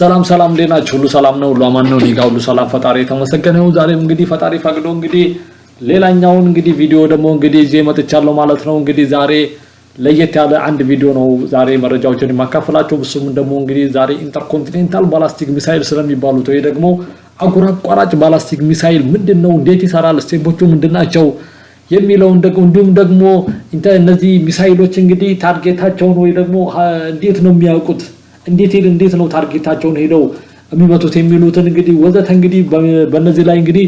ሰላም ሰላም፣ እንዴት ናችሁ? ሁሉ ሰላም ነው፣ ሁሉ አማን ነው፣ እኔ ጋር ሁሉ ሰላም፣ ፈጣሪ የተመሰገነ ይሁን። ዛሬም እንግዲህ ፈጣሪ ፈቅዶ እንግዲህ ሌላኛውን እንግዲህ ቪዲዮ ደግሞ እንግዲህ ይዤ መጥቻለሁ ማለት ነው። እንግዲህ ዛሬ ለየት ያለ አንድ ቪዲዮ ነው ዛሬ መረጃዎችን የማካፈላቸው። እሱም ደግሞ እንግዲህ ዛሬ ኢንተርኮንቲኔንታል ባላስቲክ ሚሳይል ስለሚባሉት ወይ ደግሞ አህጉር አቋራጭ ባላስቲክ ሚሳይል ምንድን ነው፣ እንዴት ይሰራል፣ ስቴፖቹ ምንድን ናቸው የሚለውን ደግሞ እንዲሁም ደግሞ እነዚህ ሚሳይሎች እንግዲህ ታርጌታቸውን ወይ ደግሞ እንዴት ነው የሚያውቁት እንዴት እንዴት ነው ታርጌታቸውን ሄደው የሚመቱት የሚሉትን እንግዲህ ወዘተ እንግዲህ በእነዚህ ላይ እንግዲህ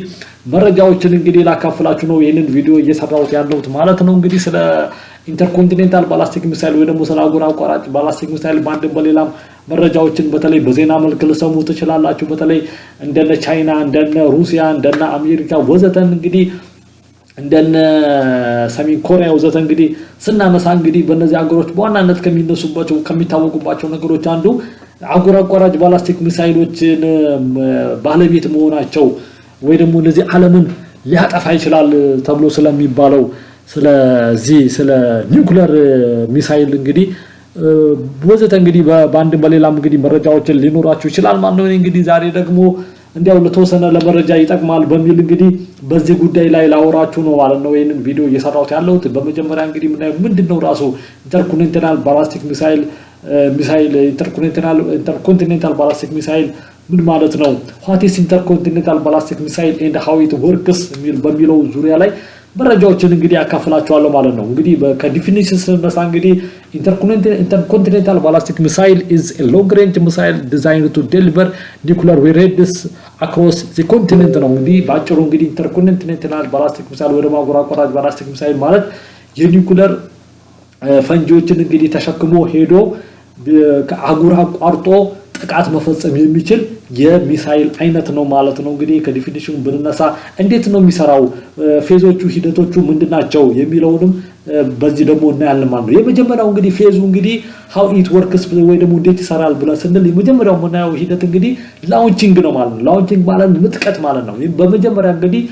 መረጃዎችን እንግዲህ ላካፍላችሁ ነው ይህንን ቪዲዮ እየሰራሁት ያለሁት ማለት ነው። እንግዲህ ስለ ኢንተርኮንቲኔንታል ባላስቲክ ሚሳይል ወይ ደግሞ ስለ አህጉር አቋራጭ ባላስቲክ ሚሳይል በአንድም በሌላም መረጃዎችን በተለይ በዜና መልክ ልሰሙ ትችላላችሁ። በተለይ እንደነ ቻይና እንደነ ሩሲያ እንደነ አሜሪካ ወዘተን እንግዲህ እንደነ ሰሜን ኮሪያ ወዘተ እንግዲህ ስናነሳ እንግዲህ በእነዚህ አገሮች በዋናነት ከሚነሱባቸው ከሚታወቁባቸው ነገሮች አንዱ አህጉር አቋራጭ ባላስቲክ ሚሳይሎችን ባለቤት መሆናቸው ወይ ደግሞ እነዚህ ዓለምን ሊያጠፋ ይችላል ተብሎ ስለሚባለው ስለዚህ ስለ ኒውክለር ሚሳይል እንግዲህ ወዘተ እንግዲህ በአንድም በሌላም እንግዲህ መረጃዎችን ሊኖራቸው ይችላል። ነው። እንግዲህ ዛሬ ደግሞ እንዲያው ለተወሰነ ለመረጃ ይጠቅማል በሚል እንግዲህ በዚህ ጉዳይ ላይ ላወራችሁ ነው ማለት ነው ይህንን ቪዲዮ እየሰራሁት ያለሁት። በመጀመሪያ እንግዲህ የምናየው ምንድን ነው ራሱ ኢንተርኮንቲኔንታል ባላስቲክ ሚሳይል ሚሳይል ኢንተርኮንቲኔንታል ባላስቲክ ሚሳይል ምን ማለት ነው? ዋት ኢዝ ኢንተርኮንቲኔንታል ባላስቲክ ሚሳይል ኤንድ ሃው ኢት ወርክስ በሚለው ዙሪያ ላይ መረጃዎችን እንግዲህ ያካፍላቸዋለሁ ማለት ነው። እንግዲህ ከዲፊኒሽን ስነሳ እንግዲህ ኢንተርኮንቲኔንታል ባላስቲክ ሚሳይል ኢዝ ሎንግ ሬንጅ ሚሳይል ዲዛይን ቱ ዴሊቨር ኒኩለር ዌሬድስ አክሮስ ኮንቲኔንት ነው። እንግዲህ በአጭሩ እንግዲህ ኢንተርኮንቲኔንታል ባላስቲክ ሚሳይል ወደ ማጎራ ቆራጭ ባላስቲክ ሚሳይል ማለት የኒኩለር ፈንጂዎችን እንግዲህ ተሸክሞ ሄዶ ከአጉር አቋርጦ ጥቃት መፈጸም የሚችል የሚሳይል አይነት ነው ማለት ነው። እንግዲህ ከዲፊኒሽኑ ብንነሳ እንዴት ነው የሚሰራው፣ ፌዞቹ፣ ሂደቶቹ ምንድን ናቸው የሚለውንም በዚህ ደግሞ እናያለን ማለት ነው። የመጀመሪያው እንግዲህ ፌዙ እንግዲህ ሀው ኢት ወርክስ ወይ ደግሞ እንዴት ይሰራል ብለን ስንል የመጀመሪያው የምናየው ሂደት እንግዲህ ላውንቺንግ ነው ማለት ነው። ላውንቺንግ ማለት ምጥቀት ማለት ነው። በመጀመሪያ እንግዲህ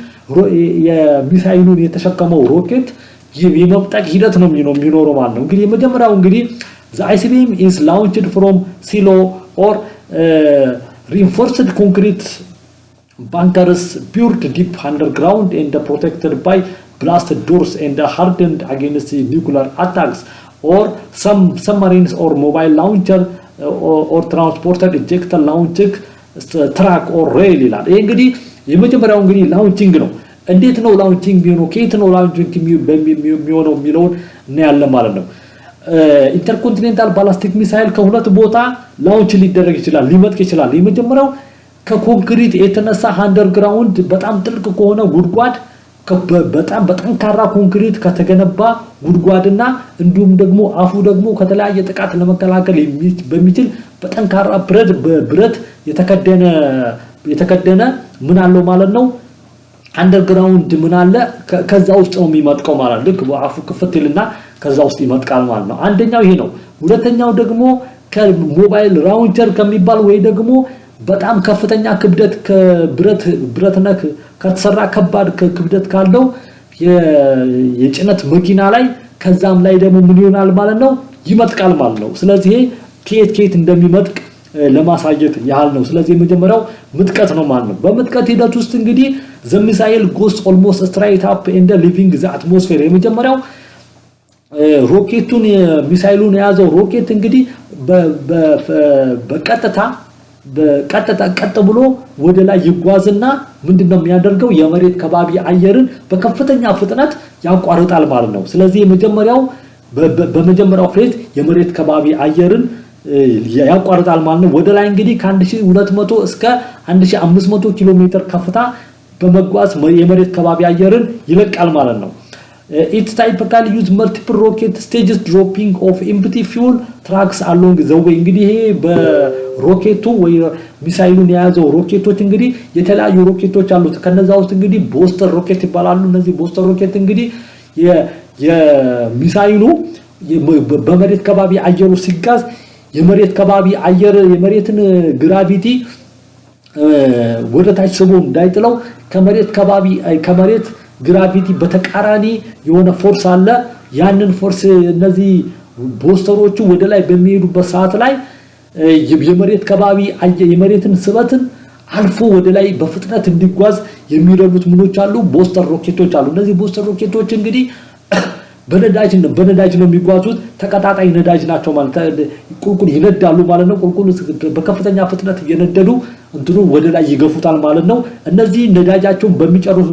የሚሳይሉን የተሸከመው ሮኬት የመምጠቅ ሂደት ነው የሚኖረው ማለት ነው። እንግዲህ የመጀመሪያው እንግዲህ The ICBM is launched from silo or uh, reinforced concrete bunkers built deep underground and protected by blast doors and hardened against nuclear attacks or some submarines or mobile launcher or, or transported ejector launching ትራክ ኦር ሬል ይላል። ይሄ እንግዲህ የመጀመሪያው እንግዲህ ላውንቺንግ ነው። እንዴት ነው ላውንቺንግ የሚሆነው? ከየት ነው ላውንቺንግ የሚሆነው የሚለውን እናያለን ማለት ነው። ኢንተርኮንቲኔንታል ባላስቲክ ሚሳይል ከሁለት ቦታ ላውንች ሊደረግ ይችላል፣ ሊመጥቅ ይችላል። የመጀመሪያው ከኮንክሪት የተነሳ አንደርግራውንድ በጣም ጥልቅ ከሆነ ጉድጓድ በጣም በጠንካራ ኮንክሪት ከተገነባ ጉድጓድና እንዲሁም ደግሞ አፉ ደግሞ ከተለያየ ጥቃት ለመከላከል በሚችል በጠንካራ ብረት የተከደነ የተከደነ ምን አለው ማለት ነው። አንደርግራውንድ ምን አለ ከዛ ውስጥ ነው የሚመጥቀው ማለት ልክ አፉ ይልና ከዛ ውስጥ ይመጥቃል ማለት ነው። አንደኛው ይሄ ነው። ሁለተኛው ደግሞ ከሞባይል ራውንተር ከሚባል ወይ ደግሞ በጣም ከፍተኛ ክብደት ከብረት ብረት ነክ ከተሰራ ከባድ ክብደት ካለው የጭነት መኪና ላይ ከዛም ላይ ደግሞ ምን ይሆናል ማለት ነው ይመጥቃል ማለት ነው። ስለዚህ ከየት ከየት እንደሚመጥቅ ለማሳየት ያህል ነው። ስለዚህ የመጀመሪያው ምጥቀት ነው ማለት ነው። በምጥቀት ሂደት ውስጥ እንግዲህ ዘ ሚሳይል ጎስ ኦልሞስት ስትራይት አፕ ዘ ሊቪንግ ዘ አትሞስፌር የመጀመሪያው ሮኬቱን ሚሳይሉን የያዘው ሮኬት እንግዲህ በቀጥታ በቀጥታ ቀጥ ብሎ ወደ ላይ ይጓዝና ምንድነው የሚያደርገው የመሬት ከባቢ አየርን በከፍተኛ ፍጥነት ያቋርጣል ማለት ነው። ስለዚህ የመጀመሪያው በመጀመሪያው ፌዝ የመሬት ከባቢ አየርን ያቋርጣል ማለት ነው። ወደ ላይ እንግዲህ ከ1200 እስከ 1500 ኪሎ ሜትር ከፍታ በመጓዝ የመሬት ከባቢ አየርን ይለቃል ማለት ነው። Each uh, typical use multiple rocket stages dropping of empty fuel tracks along the way እንግዲህ ይሄ በሮኬቱ ወይ ሚሳይሉን የያዘው ሮኬቶች እንግዲህ የተለያዩ ሮኬቶች አሉት። ከነዛ ውስጥ እንግዲህ ቦስተር ሮኬት ይባላሉ። እነዚህ ቦስተር ሮኬት እንግዲህ የሚሳይሉ በመሬት ከባቢ አየሩ ሲጋዝ የመሬት ከባቢ አየር የመሬትን ግራቪቲ uh, ወደታች ስቦ እንዳይጥለው ከመሬት ከባቢ ከመሬት ግራቪቲ በተቃራኒ የሆነ ፎርስ አለ። ያንን ፎርስ እነዚህ ቦስተሮቹ ወደ ላይ በሚሄዱበት ሰዓት ላይ የመሬት ከባቢ የመሬትን ስበትን አልፎ ወደ ላይ በፍጥነት እንዲጓዝ የሚረዱት ምኖች አሉ፣ ቦስተር ሮኬቶች አሉ። እነዚህ ቦስተር ሮኬቶች እንግዲህ በነዳጅ ነው በነዳጅ ነው የሚጓዙት። ተቀጣጣይ ነዳጅ ናቸው ማለት ቁልቁል ይነዳሉ ማለት ነው። ቁልቁል በከፍተኛ ፍጥነት እየነደዱ እንትኑ ወደ ላይ ይገፉታል ማለት ነው። እነዚህ ነዳጃቸውን በሚጨርሱ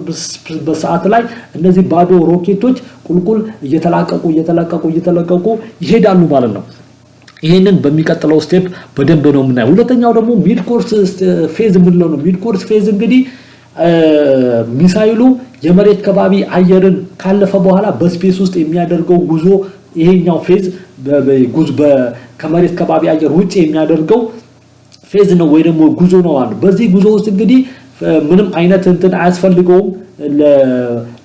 በሰዓት ላይ እነዚህ ባዶ ሮኬቶች ቁልቁል እየተላቀቁ እየተለቀቁ እየተለቀቁ ይሄዳሉ ማለት ነው። ይህንን በሚቀጥለው ስቴፕ በደንብ ነው የምናየው። ሁለተኛው ደግሞ ሚድ ኮርስ ፌዝ የምንለው ነው። ሚድኮርስ ኮርስ ፌዝ እንግዲህ ሚሳይሉ የመሬት ከባቢ አየርን ካለፈ በኋላ በስፔስ ውስጥ የሚያደርገው ጉዞ ይሄኛው ፌዝ ከመሬት ከባቢ አየር ውጭ የሚያደርገው ፌዝ ነው ወይ ደግሞ ጉዞ ነው አሉ። በዚህ ጉዞ ውስጥ እንግዲህ ምንም አይነት እንትን አያስፈልገውም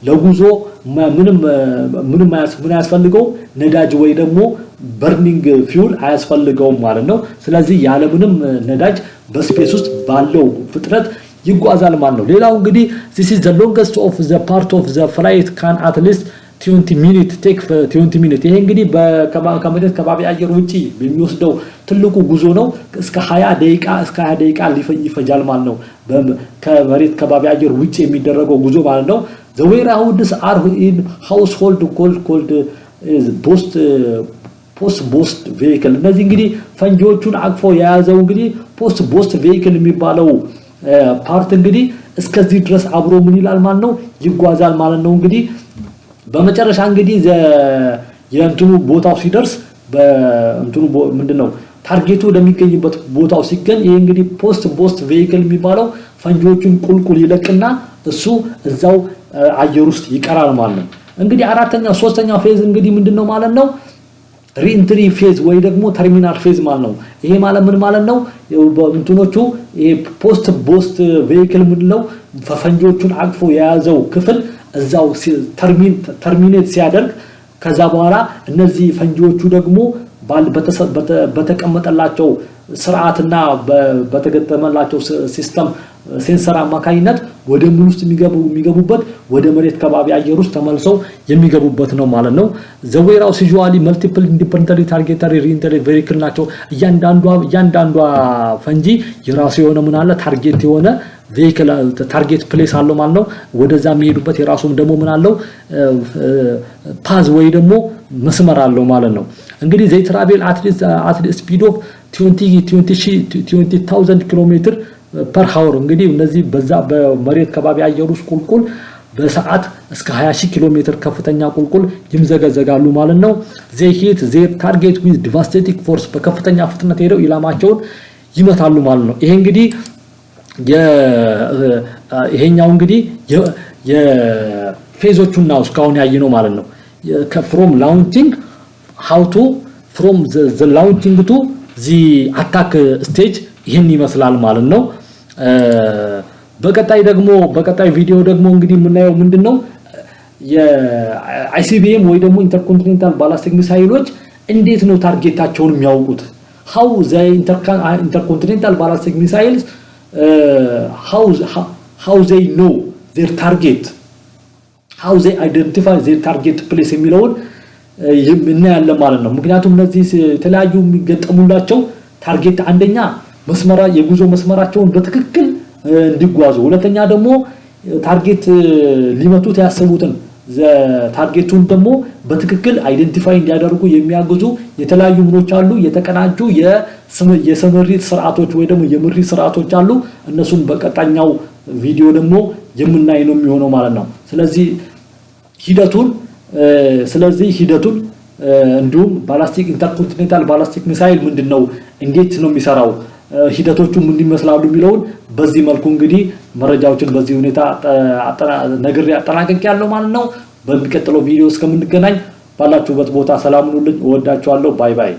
ለጉዞ ምንም ምን አያስፈልገውም ነዳጅ ወይ ደግሞ በርኒንግ ፊውል አያስፈልገውም ማለት ነው። ስለዚህ ያለምንም ነዳጅ በስፔስ ውስጥ ባለው ፍጥነት ይጓዛል ማለት ነው። ሌላው እንግዲህ this is the longest of the part of the flight can at least 20 minutes take 20 minutes ይሄ እንግዲህ ከመሬት ከባቢ አየር ውጪ የሚወስደው ትልቁ ጉዞ ነው። እስከ 20 ደቂቃ እስከ 20 ደቂቃ ይፈጃል ማለት ነው። ከመሬት ከባቢ አየር ውጪ የሚደረገው ጉዞ ማለት ነው። the warehouses are in household cold cold post ፖስት ቦስት ቬሂክል እነዚህ እንግዲህ ፈንጂዎቹን አቅፎ የያዘው እንግዲህ ፖስት ቦስት ቬሂክል የሚባለው ፓርት እንግዲህ እስከዚህ ድረስ አብሮ ምን ይላል ማለት ነው ይጓዛል ማለት ነው እንግዲህ በመጨረሻ እንግዲህ የእንትኑ ቦታው ሲደርስ በእንትኑ ምንድነው ታርጌቱ ወደሚገኝበት ቦታው ሲገኝ ይህ እንግዲህ ፖስት ቦስት ቬሂክል የሚባለው ፈንጂዎቹን ቁልቁል ይለቅና እሱ እዛው አየር ውስጥ ይቀራል ማለት ነው። እንግዲህ አራተኛ ሶስተኛ ፌዝ እንግዲህ ምንድን ነው ማለት ነው ሪኢንትሪ ፌዝ ወይ ደግሞ ተርሚናል ፌዝ ማለት ነው። ይሄ ማለት ምን ማለት ነው? እንትኖቹ ፖስት ቦስት ቬሂክል የምንለው ፈንጂዎቹን አቅፎ የያዘው ክፍል እዛው ተርሚኔት ሲያደርግ ከዛ በኋላ እነዚህ ፈንጂዎቹ ደግሞ በተቀመጠላቸው ስርዓትና በተገጠመላቸው ሲስተም ሴንሰር አማካኝነት ወደ ምን ውስጥ የሚገቡበት ወደ መሬት ከባቢ አየር ውስጥ ተመልሰው የሚገቡበት ነው ማለት ነው። ዘዌራው ሲዥዋሊ መልቲፕል ኢንዲፐንደንት ታርጌተሪ ሪኢንተሬት ቬሪክል ናቸው። እያንዳንዷ ፈንጂ የራሱ የሆነ ምን አለ ታርጌት የሆነ ታርጌት ፕሌስ አለው ማለት ነው። ወደዛ የሚሄዱበት የራሱም ደግሞ ምን አለው ፓዝ ወይ ደግሞ መስመር አለው ማለት ነው። እንግዲህ ዘይ ትራቬል አት ስፒድ ኦፍ 20 ኪሎ ሜትር ፐር ሀወር እንግዲህ እነዚህ በዛ በመሬት ከባቢ አየር ውስጥ ቁልቁል በሰዓት እስከ 20000 ኪሎ ሜትር ከፍተኛ ቁልቁል ይምዘገዘጋሉ ማለት ነው። ሂት ዜ ታርጌት ዊዝ ዲቫስቴቲክ ፎርስ በከፍተኛ ፍጥነት ሄደው ኢላማቸውን ይመታሉ ማለት ነው። ይሄ እንግዲህ ይሄኛው እንግዲህ የፌዞቹና እስካሁን ያየ ነው ማለት ነው። ከፍሮም ላውንቺንግ ቱ ፍሮም ዘ ላውንቺንግ ቱ ዚ አታክ ስቴጅ ይህን ይመስላል ማለት ነው። በቀጣይ ደግሞ በቀጣይ ቪዲዮ ደግሞ እንግዲህ የምናየው ምንድን ነው የአይሲቢኤም ወይ ደግሞ ኢንተርኮንቲኔንታል ባላስቲክ ሚሳይሎች እንዴት ነው ታርጌታቸውን የሚያውቁት? ሀው ዘይ ኢንተርኮንቲኔንታል ባላስቲክ ሚሳይልስ ሀው ዘይ ኖ ዜር ታርጌት ሀው ዘይ አይደንቲፋይ ዜር ታርጌት ፕሌስ የሚለውን እናያለን ማለት ነው። ምክንያቱም እነዚህ የተለያዩ የሚገጠሙላቸው ታርጌት አንደኛ መስመራ የጉዞ መስመራቸውን በትክክል እንዲጓዙ፣ ሁለተኛ ደግሞ ታርጌት ሊመቱት ያሰቡትን ታርጌቱን ደግሞ በትክክል አይደንቲፋይ እንዲያደርጉ የሚያግዙ የተለያዩ ምኖች አሉ። የተቀናጁ የስምሪት ስርዓቶች ወይ ደግሞ የምሪት ስርዓቶች አሉ። እነሱም በቀጣኛው ቪዲዮ ደግሞ የምናይ ነው የሚሆነው ማለት ነው። ስለዚህ ሂደቱን ስለዚህ ሂደቱን እንዲሁም ባላስቲክ ኢንተርኮንቲኔንታል ባላስቲክ ሚሳይል ምንድን ነው? እንዴት ነው የሚሰራው? ሂደቶቹ ምን ይመስላሉ የሚለውን በዚህ መልኩ እንግዲህ መረጃዎችን በዚህ ሁኔታ ነገር አጠናቀቅ ያለው ማለት ነው። በሚቀጥለው ቪዲዮ እስከምንገናኝ ባላችሁበት ቦታ ሰላም ሁኑልኝ። እወዳችኋለሁ። ባይ ባይ።